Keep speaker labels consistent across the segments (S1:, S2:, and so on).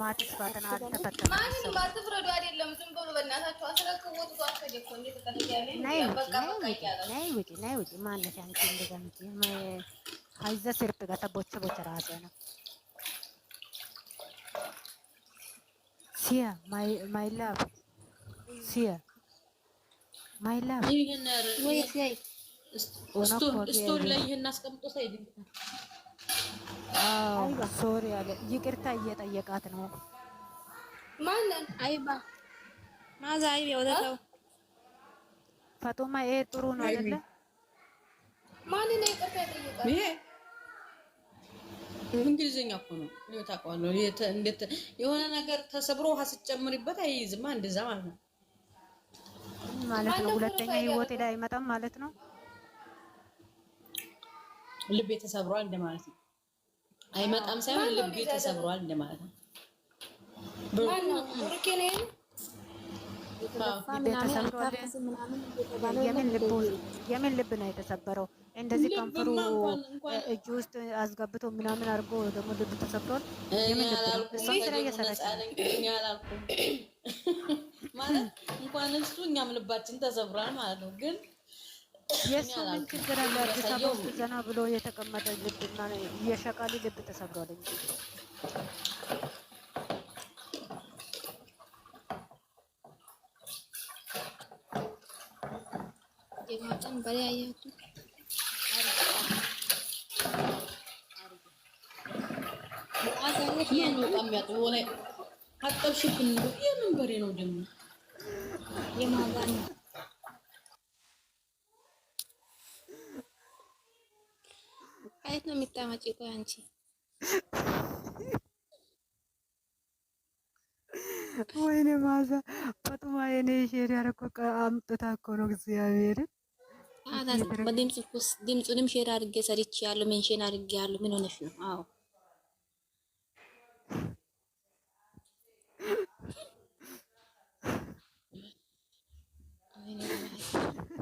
S1: ማችሁ ፍረዱ።
S2: አይደለም ዝም ብሎ በእናታችሁ አስረክቦት ጓፈል እኮ እንደዚህ
S1: ሶሪ አለ። ይቅርታ እየጠየቃት ነው።
S2: ማንን? አይባ ማዛ
S1: ይሄ ጥሩ ነው አይደለ?
S2: ማንን ይቅርታ እየጠየቃት?
S1: ይሄ እንግሊዝኛ እኮ ነው። ታውቀዋለሁ። እንዴት የሆነ ነገር ተሰብሮ ውሃ ስትጨምሪበት አይይዝማ። እንደዛ ማለት ነው ማለት ነው። ሁለተኛ ህይወቴ ላይ አይመጣም ማለት ነው። ልቤ ተሰብሯል እንደማለት ነው። አይመጣም ሳይሆን ልቤ ተሰብሯል እንደማለት ነው። የምን ልብ ነው የተሰበረው? እንደዚህ ከንፈሩ እጅ ውስጥ አስገብቶ ምናምን አድርጎ ደግሞ ልብ ተሰብሯል።
S2: ማለት እንኳን እሱ እኛም ልባችን ተሰብሯል ማለት ነው ግን
S1: የእሱ ምን ችግር አለ? አዲስ አበባ ውስጥ ዘና ብሎ የተቀመጠ ልብና የሸቃሊ ልብ ተሰብሯል እንጂ ነው። አየት ነው የሚታመጪ? ቆይ አንቺ ወይኔ ማዛ በጥማ የኔ ሼድ ያደረኩት አምጥታ እኮ ነው እግዚአብሔርን ድምፁንም ሼር አድርጌ ሰርች ያሉ ሜንሽን አድርጌ ያሉ ምን ሆነሽ ነው? አዎ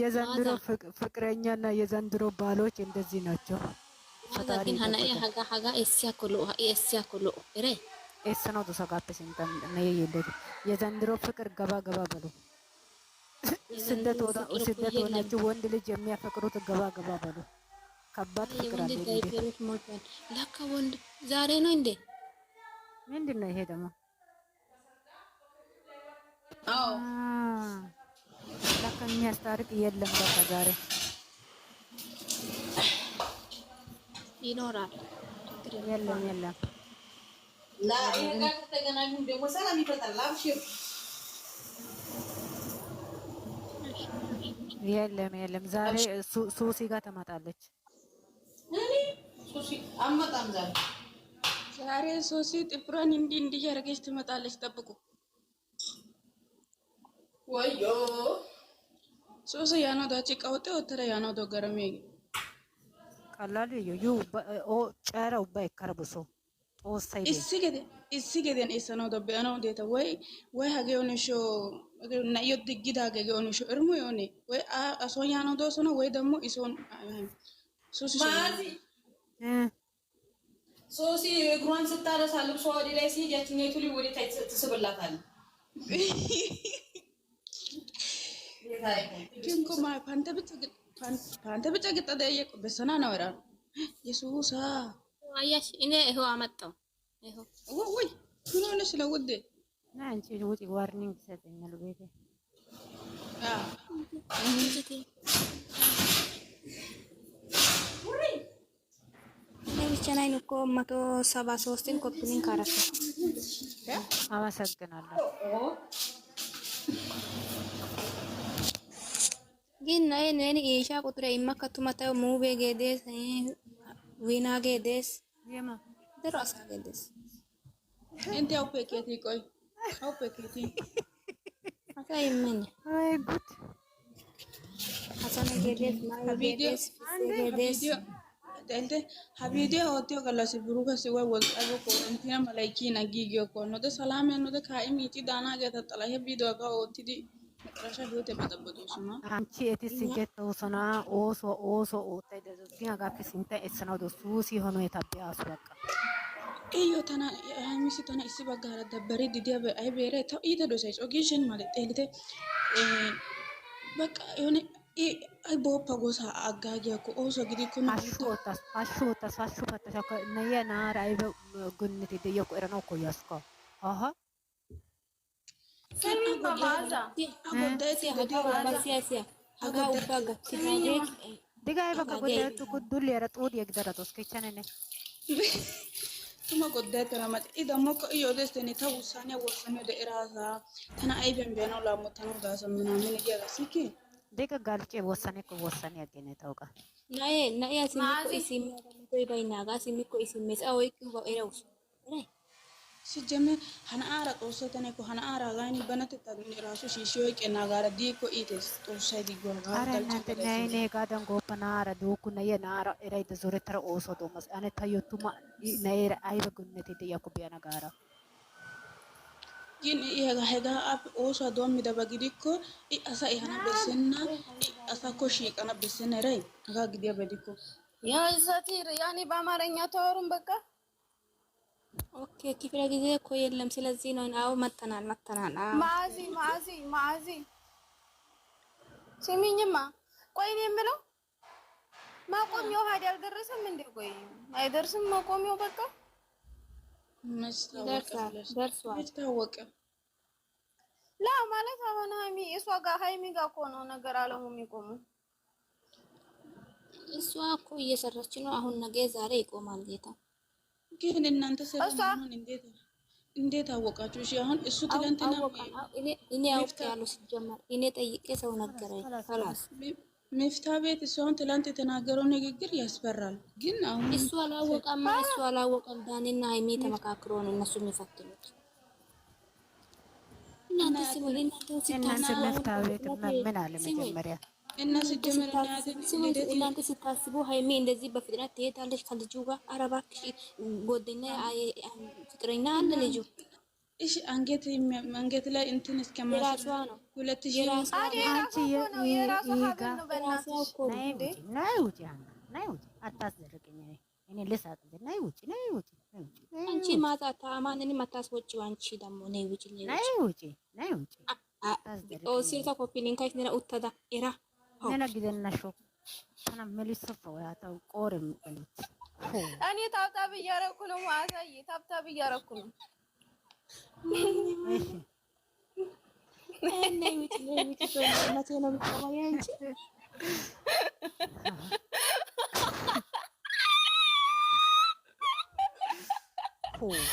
S1: የዘንድሮ ፍቅረኛ እና የዘንድሮ ባሎች እንደዚህ ናቸው። የዘንድሮ ፍቅር ገባ ገባ በሉ። ስደት ሆናችሁ ወንድ ልጅ የሚያፈቅሩት ገባ ገባ በሉ። ከባድ ፍቅር አለ። ዛሬ ነው እንዴ? ምንድን ነው ይሄ ደግሞ? አዎ የሚያስታርቅ የለም። በቃ ዛሬ ይኖራል። የለም የለም። የለም የለም። ዛሬ ሱሲ ጋር ተማጣለች።
S2: ዛሬ ሱሲ ጥፍሯን እንዲህ እንዲህ ያደረገች ትመጣለች። ጠብቁ ወዮ ሶስ ያኖዳች ቀውጤ ወተረ ያኖዶ ገረሜ
S1: ቀላል ዩ ኦ ጨረ ኡባ ይከረብሶ ጦሳይ እሲ
S2: ገደ እሲ ገደን እሰኖ ደበያኖ ዴተ ወይ ወይ ሀገዮን ሾ ናዮ ድግዳ ሀገዮን ሾ እርሙ ዮኔ ወይ አሶን ያኖ ዶሶ ወይ ደግሞ ኢሶን ሶስ ማዚ ሶሲ እግሯን ስታረሳ ልብሷ ወደ ላይ ሲሄድ ያችኛይቱ ወደ ታች ትስብላታል። ከአንተ ብቻ ግጣ ጠየቁበት ሰና ነውራ የሱሳ አያሽ እኔ ይኸው አመጣው ወይ ምን ሆነሽ ነው ውዴ?
S1: አንቺ ውጪ ዋርኒንግ ይሰጠኛል ቤቴ
S2: ብቻናይን እኮ መቶ ሰባ ሶስትን ኮፒኒን ካረፈ
S1: አመሰግናለሁ።
S2: ये नए नए ईशा पुत्र इमा कथु मत मूवे गे देश है वीना गे देश ये मा इधर आसा गे देश एंते आउ पे के थी कोई आउ पे के थी
S1: आसा इमन ओए गुड
S2: आसा ने गे देश ना वीडियो गे देश एंते हा होते हो गलो से गुरु से वो अब को एंते मलाई की ना गी को नो दे सलाम है नो दे खाई मीठी दाना गे था तला ये होती थी Anchi
S1: etis jettoosona oosuwa oosuwa oottayda de'awusu. Hagaappe sintta essanawu dosu sihono etappe haasu baqqa.
S2: Iyyo tana haymisi tana issi baggaara dabbariiddi diyabay aybee eray tawu iita dosays. Ogiishin male xeellite baqqa yoone i ay booppa gosaa aggaagiyaakko ooso gidikko
S1: hashshu oottas hashshu oottas hashshu pattasakko nayiya na'aara ayba gunneti de'iyakko eranawu koyyasukka. Aha. Digaiba kagodee tukudulli yarat odi egdarat oskechanene.
S2: Tuma godee taramat ida moko iyo destini ta usane wosane de irasa tana aiben beno la mutanu gasa minamini giaga siki.
S1: Diga galche wosane ko wosane agene tauga.
S2: Nae nae asimiko isim koiba inaga asimiko isimes awo ikiwa ereus. Right. ሲጀመር ሀናአራ ጦሰ ተነኮ ሀናአራ ጋኒ በነት ተግኒ ራሱ ሺሺዮ ቀና ጋራ ዲኮ ኢቴስ ጦሰ ዲጎል
S1: ጋራ ተልቸ ነይ ነይ ጋደን ጎፈናራ ዶኩ ነየ ናራ እራይ ተዞረ ተረ ኦሶ ዶመስ አነ ታዮቱማ ነይ አይበ ጉነት ተያኩ ቢያና ጋራ
S2: ግን ይሄጋ ሄጋ አፍ ኦሶ ዶም ሚደበ ጊዲኮ ኢአሳ ኢሃና በስና ኢአሳ ኮሺ ቀና በስና ረይ ጋግዲያ በዲኮ ያ ዘቲር ያኒ በአማርኛ ተወሩን በቃ
S1: ኦኬ ክፍለ ጊዜ እኮ የለም። ስለዚህ ነው አው መተናል መተናል።
S2: ማዚ ማዚ ማዚ ስሚኝማ፣ ቆይ እኔ የምለው ማቆሚያው ሀዲ አልደረሰም እንዴ? ቆይ አይደርስም ማቆሚያው። በቃ ደርሷል። ላ ማለት አሁን ሀይሚ እሷ ጋር ሀይሚ ጋር እኮ ነው ነገር አለሙ የሚቆሙ እሷ እኮ እየሰራች ነው አሁን። ነገ ዛሬ ይቆማል ጌታ ግን እናንተ ሰላም እንዴት አወቃችሁ? እሺ አሁን እሱ ትላንትና እኔ እኔ አውቃለሁ ሲጀመር እኔ ጠይቄ ሰው ነገረኝ። خلاص ሚፍታ ቤት እሱ አሁን ትላንት የተናገረው ንግግር ያስፈራል። ግን አሁን እሱ አላወቀም እሱ አላወቀም። ዳኒና ሃይሚ ተመካክሮ ነው እነሱ የሚፈትኑት። እናንተ ሲሞሊና
S1: ተውሲታና ሚፍታ ቤት ምን አለ መጀመሪያ
S2: እናንተ ስታስቡ ሀይሜ እንደዚህ በፍጥነት ትሄዳለች ከልጁ ጋር። ኧረ ጎደኛ ፍቅረኛ አለ ልጁ። እሺ አንገት አንገት ላይ እንትን እስከማለት ነው። ሁለት ሺህ አንቺ ማታ ማንንም አታስወጪው። አንቺ ደግሞ ነይ ውጪ፣
S1: ነይ ውጪ፣ ነይ ውጪ።
S2: ኦሲርታ ኮፒ ሊንካይት ነራ ኡተዳ ኤራ
S1: ሆነ ግደናሾ አና መልሶ ፈዋታው ቆርም እንት
S2: እኔ ታብታብ እያረኩ ነው። ማሳይ ታብታብ እያረኩ ነው። እሺ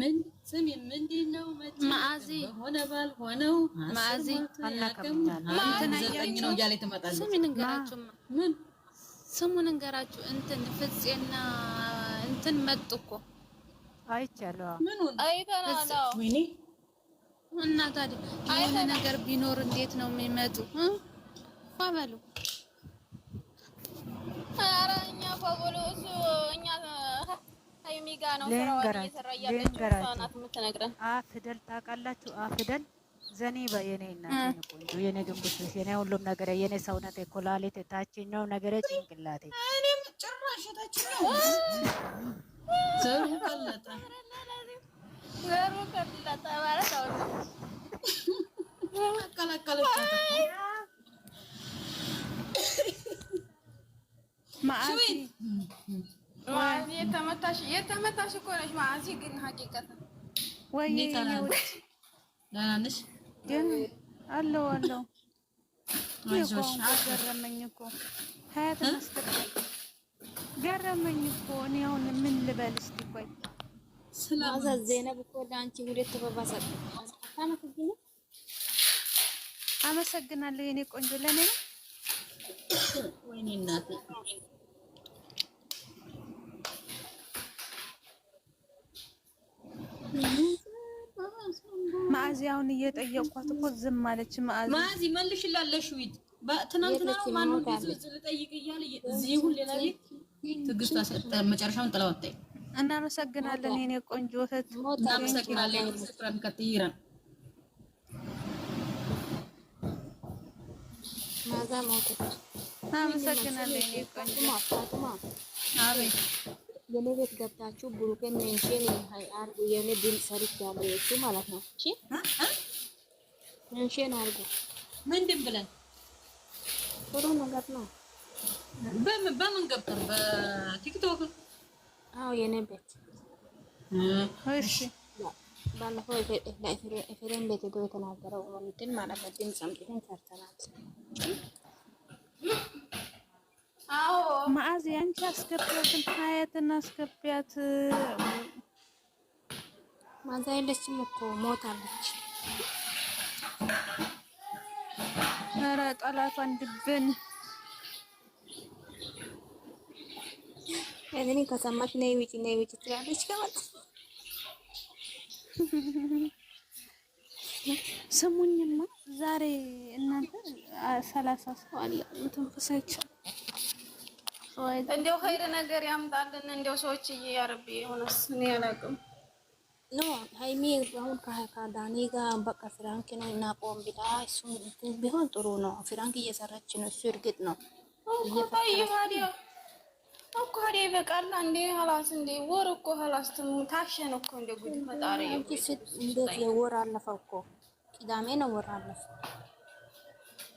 S2: ምን ሆነ ባል ሆነው መዓዜ ስሙን እንገራችሁ? እንትን ፍፄና እንትን መጡ እኮ አይቻለሁ። እና ታዲያ የሆነ ነገር ቢኖር እንዴት ነው የሚመጡ? አባሉ ኧረ እኛ እኮ ብሎ እሱ እኛ
S1: ልንገራችሁ አፍደል ታውቃላችሁ? አፍደል ዘኔ የኔ እናቴን ቆንጆ የኔ ግንቡስ የኔ ሁሉም ነገር የኔ ሰውነት የኮላሌት የታችኛው ነገር ጭንቅላቴ
S2: ማአት የተመታሽ የተመታሽ እኮ ነሽ። ማዚ ግን ሀቂቀት ወይ ደህና ነሽ?
S1: ግን አለው አለው አይዞሽ። ገረመኝ እኮ ሀያት መስከረም ገረመኝ እኮ እኔ አሁን ምን ልበል? እስቲ ቆይ
S2: ስለዛ ዜነብ እኮ ለአንቺ ሁለት ተባባሳት።
S1: አመሰግናለሁ የኔ ቆንጆ ለኔ ወይኔ እናቴ ማዚ አሁን እየጠየቅኳት እኮ ዝም አለች።
S2: ማዚ መልሽላለሽ ለሽዊት ትናንትና ነው ማን ልጠይቅ እያለ ይሁን ሌላ ቤት ትግስት አሰጠ። መጨረሻውን ጥለው ወጣኝ።
S1: እናመሰግናለን የኔ ቆንጆ እህት
S2: እናመሰግናለን። ስክረን ከትይረን ማዛ
S1: እናመሰግናለን የኔ
S2: ቆንጆ አቤት የኔ ቤት ገብታችሁ ብሩኬን ሜንሽን አርጉ የኔ ድምፅ ሰርቻለሁ እሱ ማለት ነው። እሺ ሜንሽን አድርጉ። ምንድን ብለን ጥሩ ነገር ነው። በምን ገብተን በቲክቶክ? አዎ የኔ ቤት እሺ። ባለፈው ኤፍሬም ቤት ሄዶ የተናገረው እንትን ማለት ነው። ድምፅ አምጥተን ሰርተናል።
S1: ማዕዝ ያንቺ አስገቢያትን ሀያትን አስገቢያት።
S2: ማዕዛ የለችም እኮ ሞታለች።
S1: ኧረ ጠላቷን ድብን
S2: እኔ ከሰማች ነይ ውጪ ነይ ውጪ ትላለች።
S1: ስሙኝማ ዛሬ እናንተ ሰላሳ ሰው አለ ተንፈሳቸው
S2: እንዲያው ኸይር ነገር ያምጣልን። እንዲያው ሰዎች እያረቢ ሆነስ እኔ አላውቅም። ኖ ሀይሚ አሁን ከዳኒ ጋር በቃ ፍራንክ ነው እናቆም ብላ እሱ ቢሆን ጥሩ ነው። ፍራንክ እየሰራች ነው እሱ እርግጥ ነው እኮ ደ ይበቃል። እንዴ ሀላስ እንዴ ወር እኮ ሀላስ ታሸን እኮ እንደ ጉድ ፈጣሪ እንዴት የወር አለፈ እኮ ቅዳሜ ነው ወር አለፈ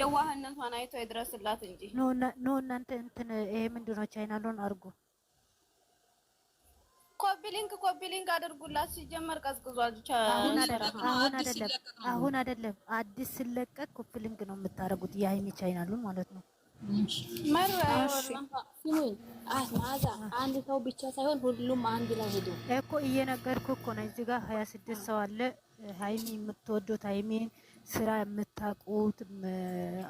S2: የዋህነቷን አይቶ ይድረስላት እንጂ
S1: ኖ እናንተ እንትን ይሄ ምንድን ነው? አድርጉ።
S2: አድርጉላት። ሲጀመር ቀዝቅዟል።
S1: አሁን አይደለም አዲስ ስለቀቅ ኮፒ ነው የምታደርጉት። የሀይሚ ማለት ነው።
S2: አንድ ሰው ብቻ ሳይሆን ሁሉም አንድ ላይ ሄዱ
S1: እኮ እየነገርኩ እኮ ነው። እዚህ ጋር ሀያ ስድስት ሰው አለ። ሀይሚ የምትወዱት ሀይሚን ስራ የምታውቁት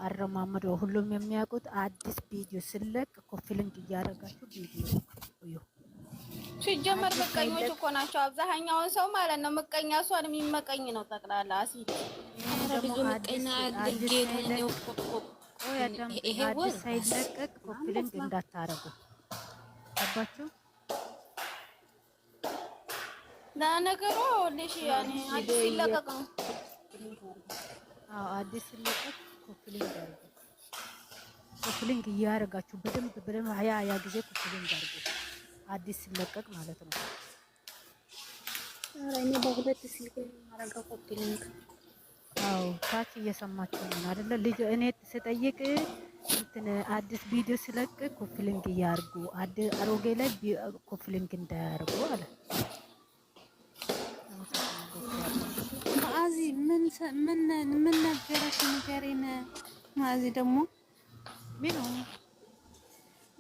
S1: አረማመዶ ሁሉም የሚያውቁት አዲስ ቪዲዮ ስለቅ ኮፒ እያደረጋችሁ ቪዲዮ እዩ።
S2: ሲጀመር ምቀኞች እኮ ናቸው አብዛኛውን ሰው ማለት ነው። ምቀኛ እሷን የሚመቀኝ ነው ጠቅላላ አሲድ
S1: አዲስ ሳይለቀቅ ኮፒ እንዳታረጉ አባችሁ
S2: ለነገሩ ልሽ ያኔ አዲስ ይለቀቅ ነው
S1: አዎ አዲስ ሲለቀቅ ኮፕሊንግ አድርጉት። ኮፕሊንግ እያደረጋችሁ በደንብ በደንብ ሀያ ሀያ ጊዜ ኮፕሊንግ አድርጉት። አዲስ ሲለቀቅ ማለት ነው።
S2: እኔ በሁለት ስልክ የማደርገው ኮፕሊንግ።
S1: አዎ ታች እየሰማችሁ ነው አይደለ? ልጅ እኔ ስጠይቅ እንትን አዲስ ቪዲዮ ሲለቅ ኮፕሊንግ እያደርጉ አሮጌ ላይ ኮፍሊንግ እንዳያደርጉ አለ
S2: ምን ነገረሽ ንገሬን። ማዚ ደግሞ
S1: ምን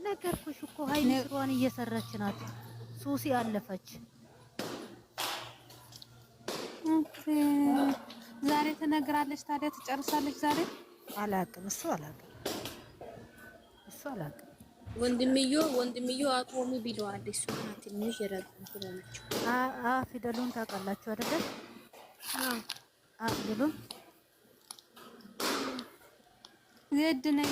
S1: ነገርኩሽ እኮ ሀይል ስሯን እየሰራች ናት። ሱሲ አለፈች።
S2: ዛሬ ትነግራለች። ታዲያ ትጨርሳለች ዛሬ።
S1: አላውቅም እሱ አላውቅም እሱ አላውቅም።
S2: ወንድምዮ ወንድምዮ አቆሚ ቢለዋል። እሱ ትንሽ የራቅ
S1: ፊደሉን ታውቃላችሁ አይደለም? አቅልሎ
S2: ዘድ ነው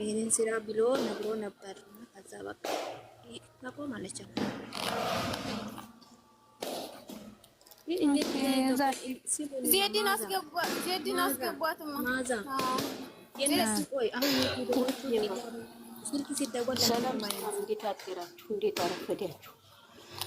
S2: ይሄንን ስራ ብሎ ነግሮ ነበር። ከዛ በቃ ይቆም አለችው።
S1: ዜድን ስልክ ሲደወል እንዴት አደራችሁ? እንዴት አረፈዳችሁ?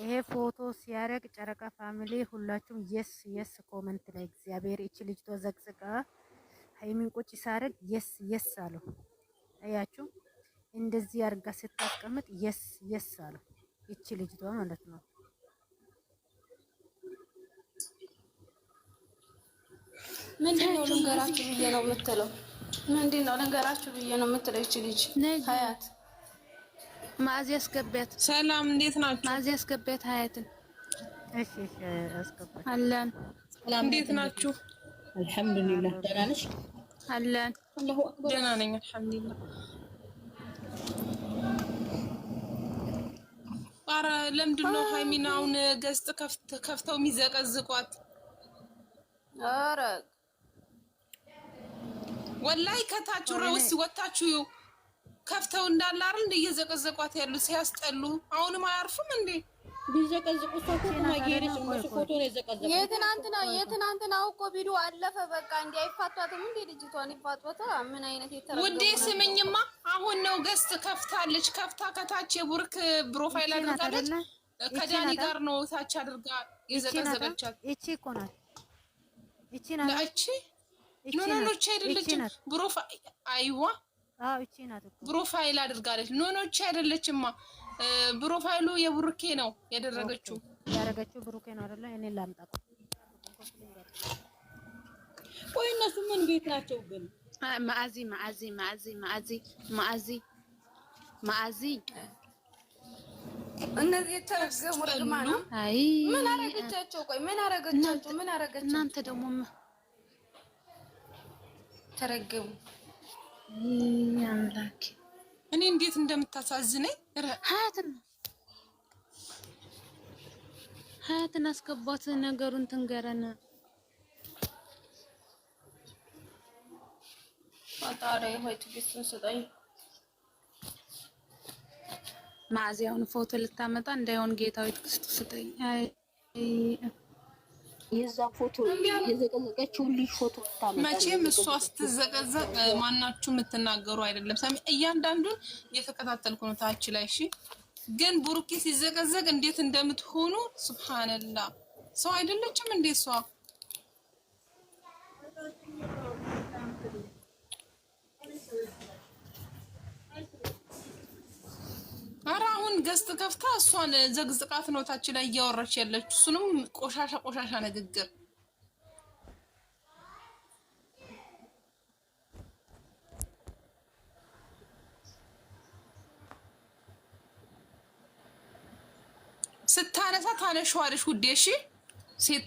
S1: ይሄ ፎቶ ሲያደርግ ጨረቃ ፋሚሊ ሁላችሁም የስ የስ ኮመንት ላይ እግዚአብሔር እቺ ልጅ ተዘቅዝቃ ሃይሚን ቁጭ ሳደርግ የስ የስ አለው አያችሁ እንደዚህ አድርጋ ስታቀምጥ የስ የስ አለው እቺ ልጅቷ ማለት ነው።
S2: ምንድን ነው ልንገራችሁ ብዬ ነው የምትለው? ምንድን ነው ልንገራችሁ ብዬ ነው የምትለው? እቺ ልጅ ሀያት ማዚ አስገቢያት። ሰላም እንዴት ናችሁ? ማዚ አስገቢያት ሀያትን። እሺ አለን። እንዴት ናችሁ?
S1: አልሐምዱሊላህ። ደህና ነሽ?
S2: አለን። አላሁ አክበር። ደህና ነኝ አልሐምዱሊላህ። ኧረ ለምንድን ነው ሀይሚን አሁን ገጽ ከፍተው የሚዘቀዝቋት? ኧረ ወላይ ከታችሁ ረውስ ወታችሁ ከፍተው እንዳለ አይደል እንደ እየዘቀዘቋት ያሉ ሲያስጠሉ። አሁንም አያርፉም እንዴ? ቢዘቀዝቁ የትናንትናው እኮ አለፈ። በቃ እንዲ አይፋቷትም እንዴ? ልጅቷን ይፋቷታ። ምን አይነት ውዴ፣ ስምኝማ አሁን ነው ገስት ከፍታለች። ከፍታ ከታች የቡርክ ፕሮፋይል አድርጋለች። ከዳኒ ጋር ነው ታች አድርጋ የዘቀዘቀቻት።
S1: እኮ ናት። ናት።
S2: ኖኖኖች አይደለችም። ፕሮፋይል አይዋ ፕሮፋይል አድርጋለች። ኖኖች አይደለችማ። ፕሮፋይሉ የብሩኬ ነው ያደረገችው
S1: ያደረገችው ብሩኬ ነው አይደለ? እኔ ላምጣ።
S2: ቆይ እነሱ ምን ቤት ናቸው ግን? ማአዚ ማአዚ ማአዚ ማአዚ ማአዚ ማአዚ እነዚህ የተረገሙ ረግማ ነው። አይ ምን አረገቻቸው? ቆይ ምን አረገቻቸው? ምን አረገቻቸው? እናንተ ደግሞ ተረገሙ አምላክ እኔ እንዴት እንደምታሳዝነኝ ሀያትን ሀያትን አስገባት፣ ነገሩን ትንገረን። ፈጣሪ ሆይ ትዕግስቱን ስጠኝ። ማዚያውን ፎቶ ልታመጣ እንዳይሆን ጌታዊ ትዕግስቱ ስጠኝ። የዛ ፎቶ የዘቀዘቀችውን ልጅ ፎቶ መቼም እሷ ስትዘቀዘቅ ማናችሁ የምትናገሩ አይደለም። ሰሚ እያንዳንዱን እየተከታተልኩ ነው ታች ላይ እሺ። ግን ቡሩኬ ሲዘቀዘቅ እንዴት እንደምትሆኑ ሱብሃንላ። ሰው አይደለችም እንዴት ሰው አረ አሁን ገዝት ከፍታ እሷን ዘግዝቃት ነው ታች ላይ እያወራች ያለች። እሱንም ቆሻሻ ቆሻሻ ንግግር ስታነሳ ታነሸዋለሽ ውዴ። እሺ ሴት